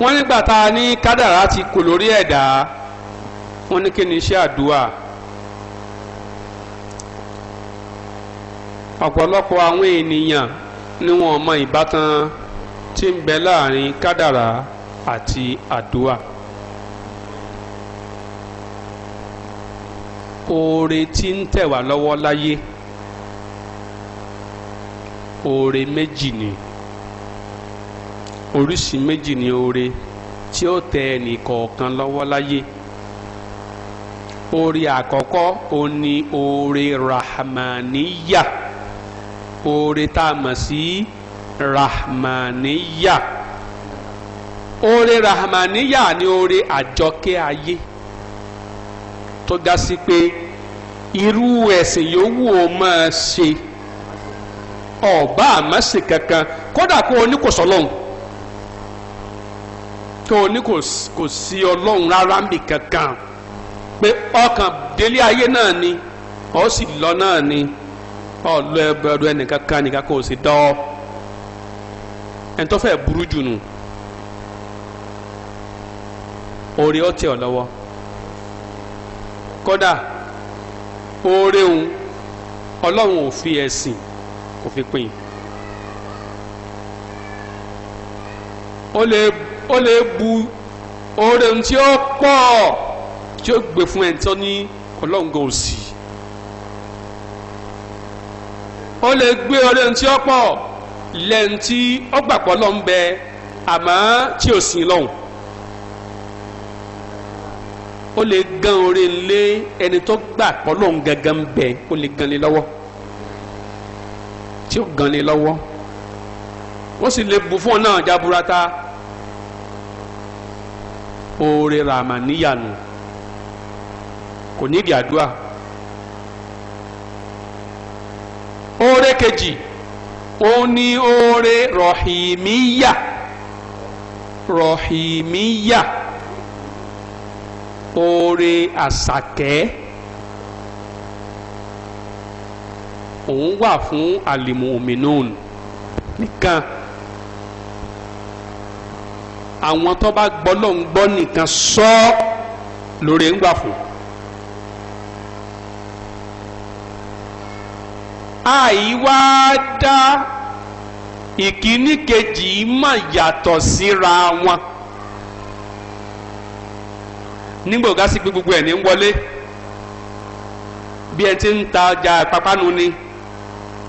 wọ́n nígbà tá a ní kádàrá ti kò lórí ẹ̀dá wọ́n ní kí ni iṣẹ́ àdúrà ọ̀pọ̀lọpọ̀ àwọn ènìyàn ni wọ́n mọ ìbátan tí ń bẹ láàrin kádàrá àti àdúrà. oore tí ń tẹ̀ lọ́wọ́ láyé oore méjì ni oríṣi méjì ni oore tí ó tẹ ẹnì kọ̀ọ̀kan lọ́wọ́ láyé oore àkọ́kọ́ òun ni oore rahmaniya oore tá a mọ̀ sí rahmaniya oore rahmaniya ni oore àjọkẹ́ ayé tó ga sí pé irú ẹ̀sìn yòówù ó máa ṣe ọba àmọ́sìn kankan kódà kó o ní kò sọ lọ́hùn. tó ní kò sí ọlọ́run rárá ń bì kankan pé ọkàn délé ayé náà ni ọ sì lọ náà ni ọlọ ẹbẹrẹ ẹnìkan nìkan kò sí dọ́ ẹni tó burú jù nù oore ó tẹ̀ ọ́ lọ́wọ́ fi ẹ̀sìn kò fi ó lè bu oore tí ó pọ̀ tí ó gbé fún ẹni tó ní ọlọ́ngọ òsì ó lè gbé oore tí ó pọ̀ lẹ́yìn tí ó gbàgbọ́ lọ ń bẹ àmọ́ tí ò sìn lọ́hùn ó lè gan oore lé ẹni tó gbàgbọ́ lọ́hùn gangan bẹ ó lè gan lé lọ́wọ́ tí ó gan lé lọ́wọ́ wọ́n sì lè bù fún ọ náà jaburata oore ràmà níyànú kò ní ìdí àdúrà oore kejì òun ni oore rọ̀hìmíyà rọ̀hìmíyà oore àsàkẹ́ òun wà fún àlìmùmínún nìkan àwọn tó bá gbọ́ ló ń gbọ́ nìkan sọ lórí ń gbà fún. àìwá dá ìkíní kejì mà yàtọ̀ síra wọn nígbà ọ̀gá sí pé gbogbo ẹ̀ ní ń wọlé bí ẹ ti ń ta ọjà ìpápánu ni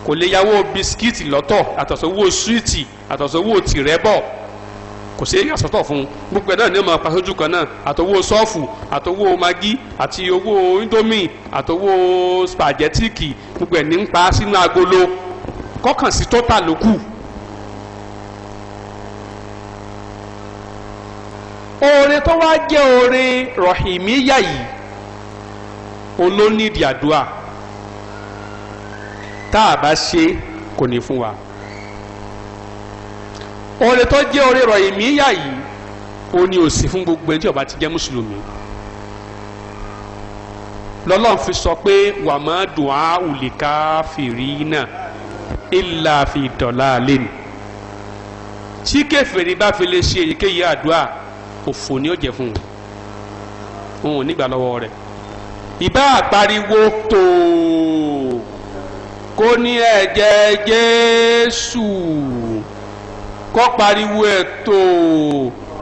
kò lè yáwó bisikíìtì lọ́tọ̀ àtọ̀sọ́wọ́ súwìtì àtọ̀sọ́wọ́ tìrẹ́bọ̀. kò sí àsọtọ̀ fún un gbogbo ẹ̀ náà ni ó máa pa kan náà àtowó sọ́ọ̀fù àtowó magi àti owó indomie àtowó spaghetti gbogbo ẹ̀ ní ń pa sínú agolo kọkàn sí total ló kù. oore tó wá jẹ́ oore rọ̀hìmíyà yìí olóníìdí tá a bá ṣe kò ní fún wa. oore tó jẹ́ oore rọ̀ èmi yà yìí ó ní òsì fún gbogbo ẹni tí ó bá ti jẹ́ mùsùlùmí lọ́lọ́run fi sọ pé wà má dùn á òlìkà fìrí náà ìlà fi dọ̀là lẹ́nu tí kèfèrí bá fi lè ṣe èyíkéyìí àdúrà òfò ni ó jẹ́ fún un òun ò nígbà lọ́wọ́ rẹ̀ ìbá àpariwo tòó kó ní ẹ̀jẹ̀ Jésù kọ́ pariwo ẹ̀ tó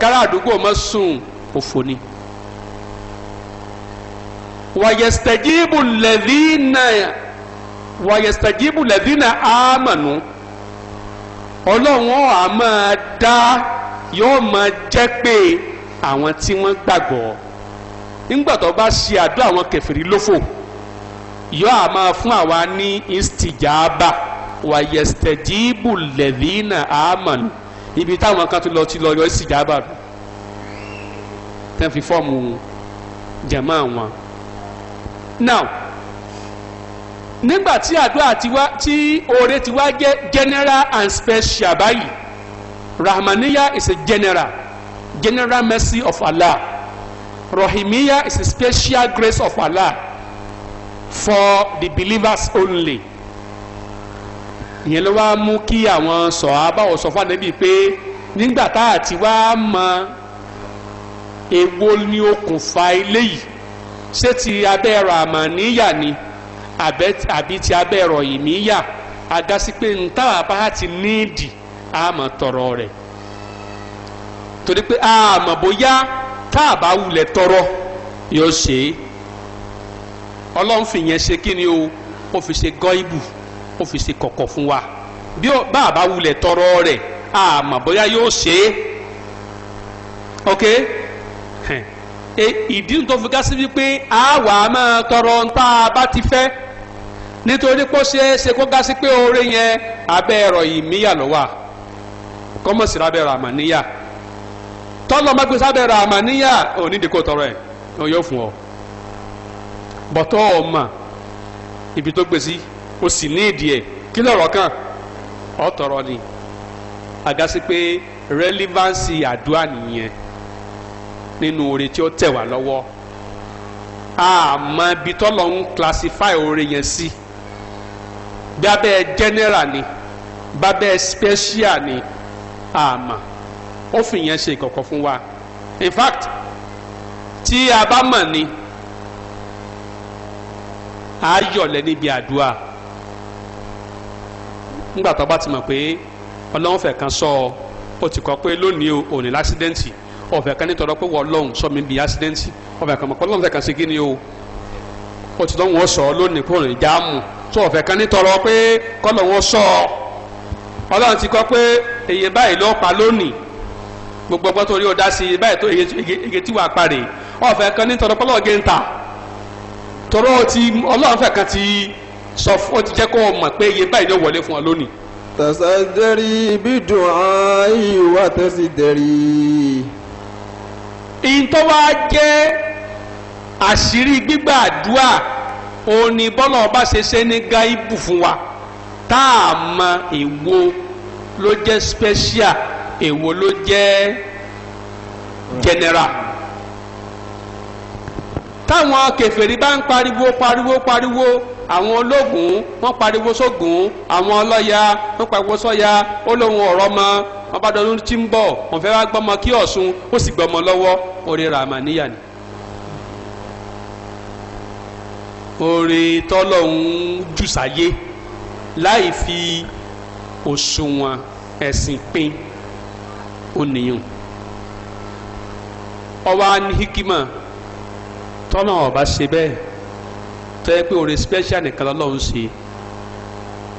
kára àdúgbò mọ́ sùn òfò ni. wàyẹ̀sítẹ̀jìbù lẹ́dínà wàyẹ̀sítẹ̀jìbù lẹ́dínà àmọ̀nù ọlọ́run á máa dá yóò máa jẹ́ pé àwọn tí wọ́n gbàgbọ́ nígbà tó bá ṣe àdúrà àwọn kèfèrí lófò yóò á máa fún àwa ní istijaba wàyẹ̀sítẹ̀jìbù lẹ́dínà àmọ̀nù ibi táwọn kan tó lọ ti lọ yọ sí jábà tẹ́ fi fọ́ọ̀mù jẹ̀mọ́ àwọn. now nígbà tí àdúrà tí oore ti wá jẹ́ general and special báyìí rahmaniya is a general general mercy of Allah rahimiya is a special grace of Allah for the believers only ìyẹn ló wá mú kí àwọn sọ̀hábà ó sọ fún ànábì pé nígbà tá a ti wá mọ èwo ni okùnfà eléyìí ṣé ti abẹ́ ràmàníyà ni àbí ti abẹ́ rọ̀yìmíyà agasi pé ntàwá bá ti níìdì àmọ́ tọrọ rẹ̀ torí pé àmọ́ bóyá tá a bá wulẹ̀ tọrọ yóò ṣe é ọlọ́run fìyẹn ṣe kí ni o ó fi ṣe gọ́ ibù kó fi ṣe kọ̀kọ̀ fún wa bí bàbá wulẹ̀ tọrọ rẹ̀ àmọ́ bóyá yóò ṣe é ok e, ìdí tó fi ká sí wípé àwa máa tọrọ ntá a bá ti fẹ́ nítorí pé ó ṣe é ṣe kó ká sí pé oore yẹn abẹ́ ẹ̀rọ ìmíyà ló wà kọ́mọ̀sì lábẹ́ ẹ̀rọ àmàníyà tọ́lọ́ má gbé sábẹ́ ẹ̀rọ àmàníyà ò ní ìdíkò tọrọ ẹ̀ yóò fún ọ bọ̀tọ́ ọ̀ mà ibi tó gbé sí o sì ní ìdí ẹ̀ kí lọ̀rọ̀ kan ọ̀ tọ̀rọ̀ ni àgàsí pé rẹ́lívánsì àdúrà nìyẹn nínú oore tí ó tẹ̀ wá lọ́wọ́ àmọ́ ibi tọ́lọ̀ ń classify oore yẹn sí bí general ni bábẹ́ special ni àmọ́ ó fi yẹn ṣe ìkọ̀kọ̀ fún wa in fact tí a bá mọ̀ ni a yọ̀lẹ̀ níbi àdúrà nígbà tó bá ti mọ̀ pé ọlọ́run fẹ́ kan sọ ọ ti kọ́ pé lónìí o ò ní lásídẹ́ǹtì ọ̀fẹ́ kan nítorí pé wọ́n lọ́hùn sọ mi bí lásídẹ́ǹtì ọ̀fẹ́ kan mọ̀ pé ọlọ́run fẹ́ kan sí kí ni o ó ti lọ́hùn ó sọ ọ lónìí kúrò ní jáàmù tó ọ̀fẹ́ kan nítorí pé kọ́lọ̀ wọn sọ ọ ọlọ́run ti kọ́ pé èyí báyìí ló pa lónìí gbogbo ọgbọ́n tó rí o dá sí i báyìí tó èyí tí wàá parí ọ̀fẹ́ kan nítorí pé ọlọ́run gé kan ti sọ fún ọ ti jẹ́ kó o mọ̀ pé iye báyìí ló wọlé fún ọ lónìí. tàṣàdẹ́rì bídùn ayé wa tẹ̀sí dẹ̀rì. ìtọ́ wa jẹ́ àṣírí gbígbà òun ni bọ́lá ọba ṣe ṣe ní gáíbù fún wa tá a mọ èwo ló jẹ́ special èwo ló jẹ́ general táwọn kèfèrí bá ń pariwo pariwo pariwo. pariwo àwọn ológun wọ́n pariwo sógun àwọn ọlọ́ya wọ́n pariwo sọ́ya ó lóun ọ̀rọ̀ mọ wọ́n bá dọdún tí ń bọ̀ wọ́n fẹ́ wá gbọ́mọ kí Ọ̀ṣun ó sì gbọ́mọ lọ́wọ́ orí ràmàníyà ni. orí tọ́lọ́hún jù sáyé láì fi òṣùwọ̀n ẹ̀sìn pín ònìyàn ọba ní hikima tọ́lọ́hún ọba ṣe bẹ́ẹ̀. tó yẹ pé oore special nìkan ṣe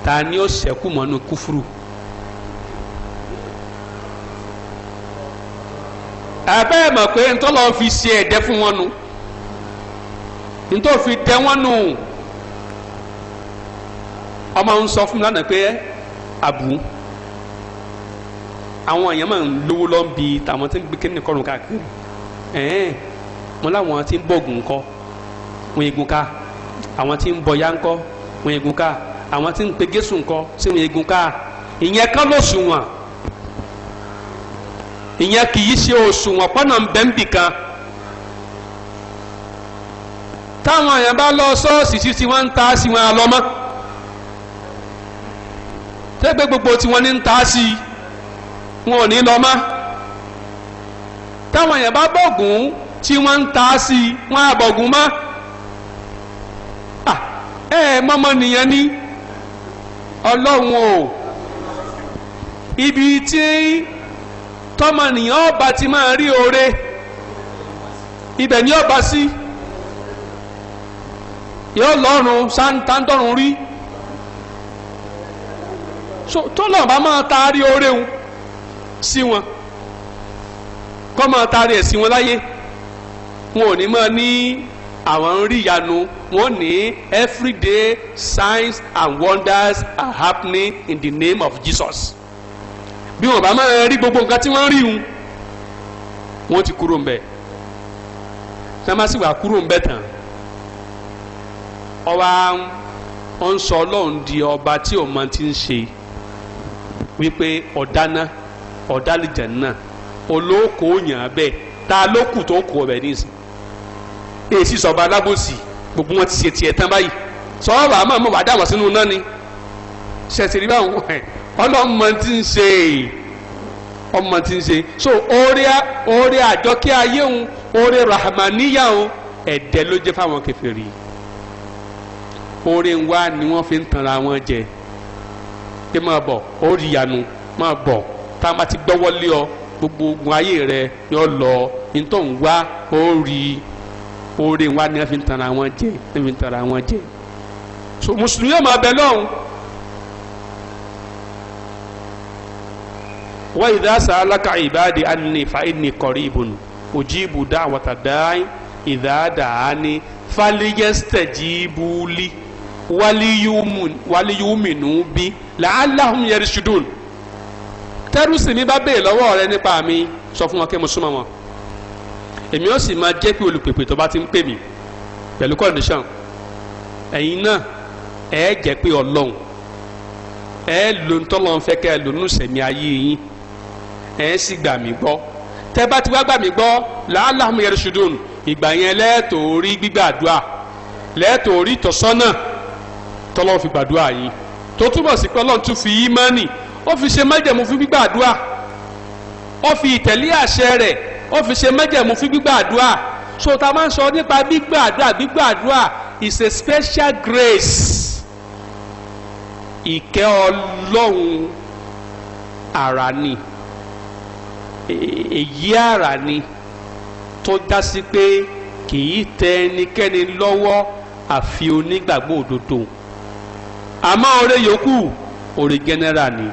ta ni ó ṣẹ́kù mọ́nú kúfúrú. àbẹ́ ẹ̀ mọ̀ pé ntọ́lọ́ fi ṣe ẹ̀dẹ́ fún wọn nu ntọ́ fi tẹ wọn nù ọmọ ń fún mi lánàá pé àbù àwọn èèyàn máa ń lówó lọ́n bi tàwọn tí ń gbé kíni kọ́run káàkiri ẹ̀ẹ́n mo láwọn ti àwọn tí ń bọ ya ńkọ́ wọn egun ká àwọn tí ń pe gésù ńkọ́ sí wọn egun ká ìyẹn kan ló sùnwọ̀n ìyẹn kì í ṣe òsùnwọ̀n pọ́nà ń bẹ́ ń bì kan táwọn èèyàn bá lọ ṣọ́ọ̀ṣì sí tí wọ́n ń ta sí wọn àlọ́mọ́ tẹ́gbẹ́ gbogbo tí wọ́n ní ń ta sí wọn ò ní lọ mọ́ táwọn èèyàn bá bọ̀gùn tí wọ́n ń ta sí wọn àbọ̀gùn mọ́. ẹ mọ́mọ́ nìyẹn ní ọlọ́run o ibi tí tọ́mọnìyàn ọba ti máa rí oore ibẹ̀ ni ọba sí yóò lọ́rùn sáńtàntọ́rùn rí tọ́lọ̀ bá máa taari oore wọn sí wọn kọ́ máa taari ẹ̀ sí wọn láyé wọn ò ní máa ní. àwọn ń rí ìyanu wọ́n ní everyday signs and wonders are happening in the name of Jesus bí wọ́n bá máa rí gbogbo nǹkan tí wọ́n rí un wọ́n ti kúrò ńbẹ̀ tí wọ́n bá sì wà kúrò ńbẹ̀ tán ọba ó ń sọ Ọlọ́run di ọba tí òun ti ń ṣe wípé ọ̀dáná ọ̀dálìjẹ̀ náà olóòkó yàn án bẹ́ẹ̀ ta tó kù ọbẹ̀ nísìnyí èsì sọba alábòsì gbogbo wọn ti ṣe tiẹ̀ tán báyìí sọ́ọ̀bà àmọ́ àmọ́ wà á dà wọ́n sínú náà ni ṣẹ̀ṣẹ̀rì báwọn ọlọ́mọ ti ń ṣe ọmọ ti ń ṣe so oore àjọkẹ́ ayé òun oore rahmaniya òun ẹ̀dẹ́ ló jẹ́ fáwọn kèfèrí oore ń wá ni wọ́n fi ń tanra wọn jẹ pé máa bọ̀ ó ìyanu máa bọ̀ tá a bá ti gbọ́wọ́ lé ọ gbogbo ogun ayé rẹ yọ lọ ní wá ó oore wa ni wọ́n fi ń tara wọn jẹ wọ́n fi ń tara wọn jẹ so mùsùlùmí yóò máa bẹ lọ́hùn. wa idha sa'alaka ibadi anni fa inni qaribun ujibu da'wata da'i idha da'ani falyastajibu li waliyuminu bi la'allahum yarshudun tẹ́rù sì mi bá béè lọ́wọ́ rẹ nípa mi sọ fún wọn kí mo súnmọ́ wọn èmi ó sì máa jẹ́ pé olùpèpè tó bá ti ń pè mí pẹ̀lú condition ẹ̀yin náà ẹ jẹ́ pé ọlọ́run ẹ lò ń tọ́lọ́ fẹ́ kẹ́ ẹ lò nù sẹ̀mí ayé yín ẹ sì gbà mí gbọ́ tẹ́ bá ti wá gbà mí gbọ́ làálàá mi yẹrù ṣùdùn ìgbà yẹn lẹ́ẹ̀tọ́ orí gbígbàdúrà lẹ́ẹ̀tọ́ orí ìtọ́sọ́nà tọ́lọ́ fi gbàdúrà yín tó túbọ̀ sí pé ọlọ́run tún fi ímánì ó fi ṣe májẹ̀mú fún gbígbàdúrà ó fi ìtẹ̀lé àṣẹ rẹ̀ ó fi ṣe májẹ̀mú fún gbígbàdúrà so ta máa ń sọ nípa gbígbàdúrà gbígbàdúrà is a special grace ìkẹ́ ọlọ́run àrà ni èyí àrà ni tó já sí pé kì í tẹ ẹnikẹ́ni lọ́wọ́ àfi onígbàgbọ́ òdodo àmọ́ oore yòókù oore general ni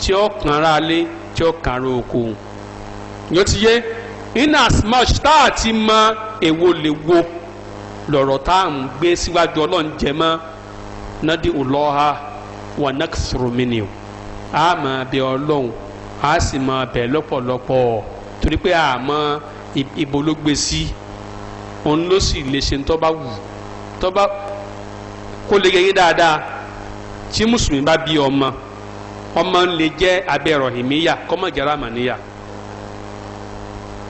tí ó kàn ra lé tí ó kàn ra oko yóò ti yé in as much tá a ti mọ èwo lè wo lọ̀rọ̀ tá à ń gbé síwájú ọlọ́run jẹ mọ́ nadi ulọ́ha wà nàkìsùrùmínì o a máa bẹ ọlọ́run a sì máa bẹ lọ́pọ̀lọpọ̀ torí pé a mọ ibo ló gbé sí òun ló sì lè ṣe tó bá wù tó kó lè yẹyẹ dáadáa tí mùsùlùmí bá bí ọmọ ọmọ lè jẹ́ abẹ́ rọ̀hìnmíyà kọ́mọ̀jẹ́rà màníyà.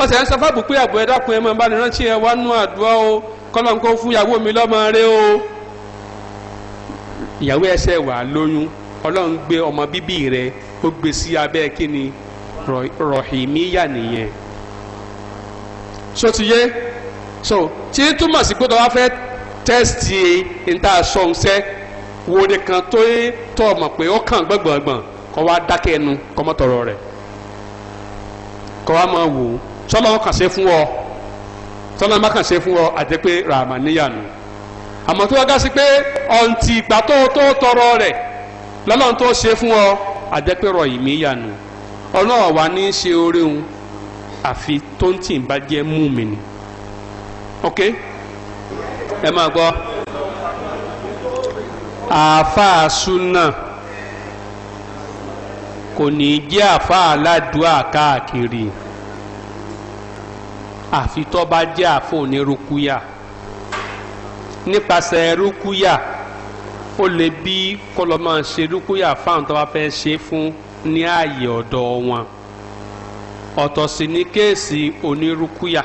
wọ́n sì ń sọ fáàbù pé àbọ̀ ẹ̀dá kun ẹ̀ máa bá ní rántí ẹ wá nú àdúrà o kọ́lọ́n kó fún ìyàwó mi lọ́mọ rẹ o. ìyàwó ẹsẹ̀ wà lóyún ọlọ́run gbé ọmọ bíbí rẹ ó gbé sí abẹ́ kíni rọ̀hìmíyà nìyẹn. so ti yé so tí túmọ̀ sí gbọ́dọ̀ wá fẹ́ tẹ́sítì níta sọ̀nsẹ́ wo nìkan tó tọ̀ mọ̀ pé ó kàn gbọ̀ngbọ̀ngbọ̀n kọ́ wá dákẹ́ ẹnu kọ́ mọ́tọ̀rọ̀ rẹ̀ kọ́ wá máa wò ó tọ́lọ́ kàn ṣe fún ọ tọ́lọ́ má kàn ṣe fún ọ àti pé ràmà níyànú àmọ́ tó wákà sí pé ọ̀ǹtì ìgbà tó tó tọrọ rẹ̀ lọ́lọ́run tó ṣe fún ọ àti pé rọ̀ ọlọ́run wà ní ṣe orí òun àfi tó ń tì bá jẹ́ mú mi ni ok ẹ máa gbọ́ àáfàá súnà kò ní jẹ́ àáfàá aládùá káàkiri àfi tó bá jẹ́ àfọ ní rúkúyà nípasẹ̀ rúkúyà ó lè bí kọlọ́mọ ṣe rúkúyà fáwọn tó bá fẹ́ ṣe fún ní ààyè ọ̀dọ̀ wọn ọ̀tọ̀ sì ní kéèsì onírúkúyà.